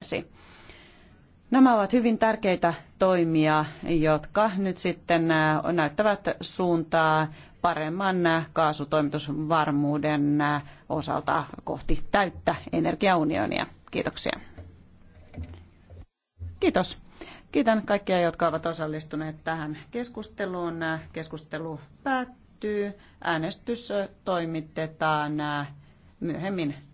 totesi. Nämä ovat hyvin tärkeitä toimia, jotka nyt sitten näyttävät suuntaa paremman kaasutoimitusvarmuuden osalta kohti täyttä energiaunionia. Kiitoksia. Kiitos. Kiitän kaikkia, jotka ovat osallistuneet tähän keskusteluun. Keskustelu päättyy. Äänestys toimitetaan myöhemmin